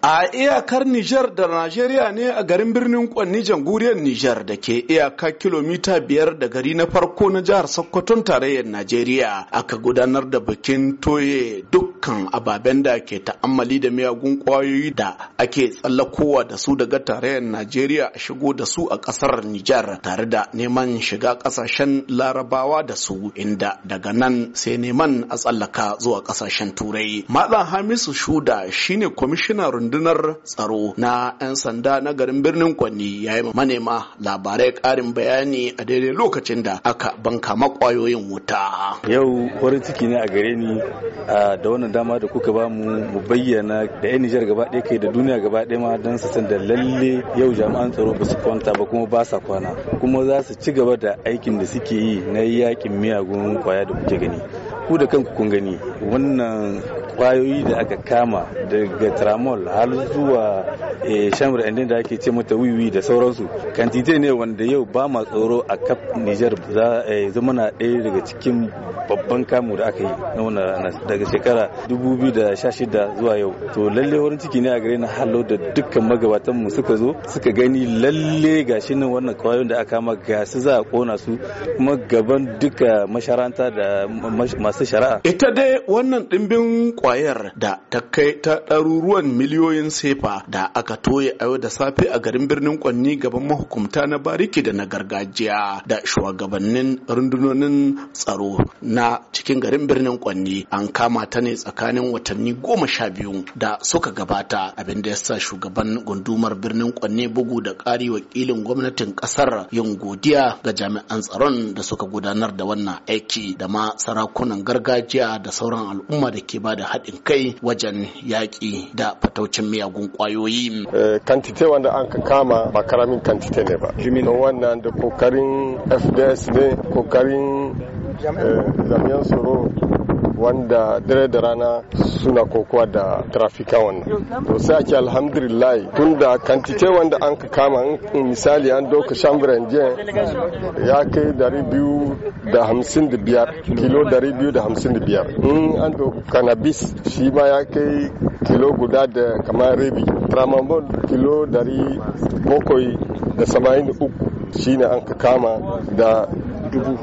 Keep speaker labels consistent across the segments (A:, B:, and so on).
A: A iyakar Nijar da Najeriya ne a garin birnin Kwanni jamhuriyar Nijar da ke iyaka kilomita biyar da gari na farko na jihar Sokoton tarayyar Najeriya aka gudanar da bikin toye dukkan ababen da ke ta'ammali da miyagun kwayoyi da ake tsallakowa da su daga tarayyar Najeriya a shigo da su a kasar Nijar tare da neman shiga kasashen larabawa da su inda daga nan sai neman a tsallaka zuwa kasashen turai. Malam Hamisu Shuda shine kwamishinar rundunar tsaro na 'yan sanda na garin birnin Kwanni ya yi manema labarai karin
B: bayani a daidai lokacin da aka banka makwayoyin wuta. Yau farin ciki ne a gare ni da wannan dama da kuka ba mu bayyana da 'yan Nijar gaba ɗaya kai da duniya gaba ɗaya ma don su san da lalle yau jami'an tsaro ba su kwanta ba kuma ba sa kwana kuma za su ci gaba da aikin da suke yi na yakin miyagun kwaya da kuke gani. Ku da kanku kun gani wannan kwayoyi da aka kama daga tramol har zuwa eh, shamar da ake ce mata wiwi da sauransu kantite ne wanda yau ba ma tsoro a kaf nijar za eh, zama na ɗaya daga cikin babban kamu da aka yi daga shekara 2016 zuwa yau to lalle wurin ciki ne a gare na halo da dukkan magabatan mu suka zo suka gani lalle gashi nan wannan kwayoyin da aka kama ga su za a kona su kuma gaban duka masharanta da masu shari'a ita dai wannan dimbin kwayar da
A: ta kai ta ɗaruruwan
B: miliyoyin
A: sefa da aka toye a yau da safe a garin birnin Kwanni gaban mahukumta na bariki da na gargajiya da shugabannin rundunonin tsaro na cikin garin birnin Kwanni an kama ta ne tsakanin watanni goma sha biyu da suka gabata abin da ya sa shugaban gundumar birnin Kwanni bugu da ƙari wakilin gwamnatin ƙasar yin godiya ga jami'an tsaron da suka gudanar da wannan aiki da ma sarakunan gargajiya da sauran al'umma da ke ba da haɗin kai wajen yaƙi da fataucin miyagun
C: kwayoyi. kantite eh, wanda an kama ba karamin kantite ne ba. wannan da kokarin fds ne kokarin eh, jami'an tsaro wanda dare da rana suna kokowa da trafika wannan to sai ake alhamdulillah tun da kantite wanda an ka kama misali an doka shambiran ya kai dari biyu da hamsin da biyar kilo dari biyu da hamsin da biyar in an doka cannabis shi ma ya kai kilo guda da kamar rabi tramamol kilo dari bakwai da saba'in da uku shine an ka kama da dubu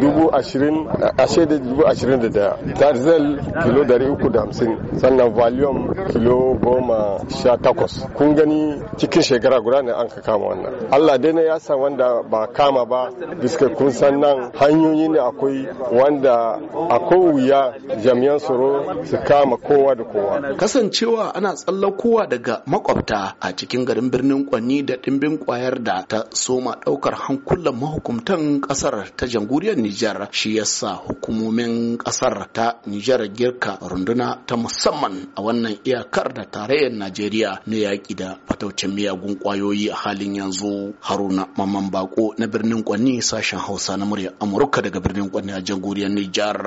C: dubu ashirin a shaida dubu ashirin da daya tarzel kilo dari uku da hamsin sannan valium kilo goma sha takwas kun gani cikin shekara guda ne an ka kama wannan allah dai na ya san wanda ba kama ba biska kun san nan hanyoyi ne akwai wanda akwai wuya jami'an tsaro su kama kowa da kowa kasancewa ana
A: tsallakowa daga makwabta a cikin garin birnin kwanni da dimbin kwayar da ta soma ɗaukar hankulan mahukumta Mutan kasar ta jamhuriyar Nijar shi yasa hukumomin kasar ta Nijar girka runduna ta musamman a wannan iyakar da tarayyar Najeriya na yaƙi da fataucin miyagun ƙwayoyi a halin yanzu Haruna Maman Bako na birnin Kwanni sashen Hausa na murya Amurka daga birnin Kwanni a jamhuriyar Nijar.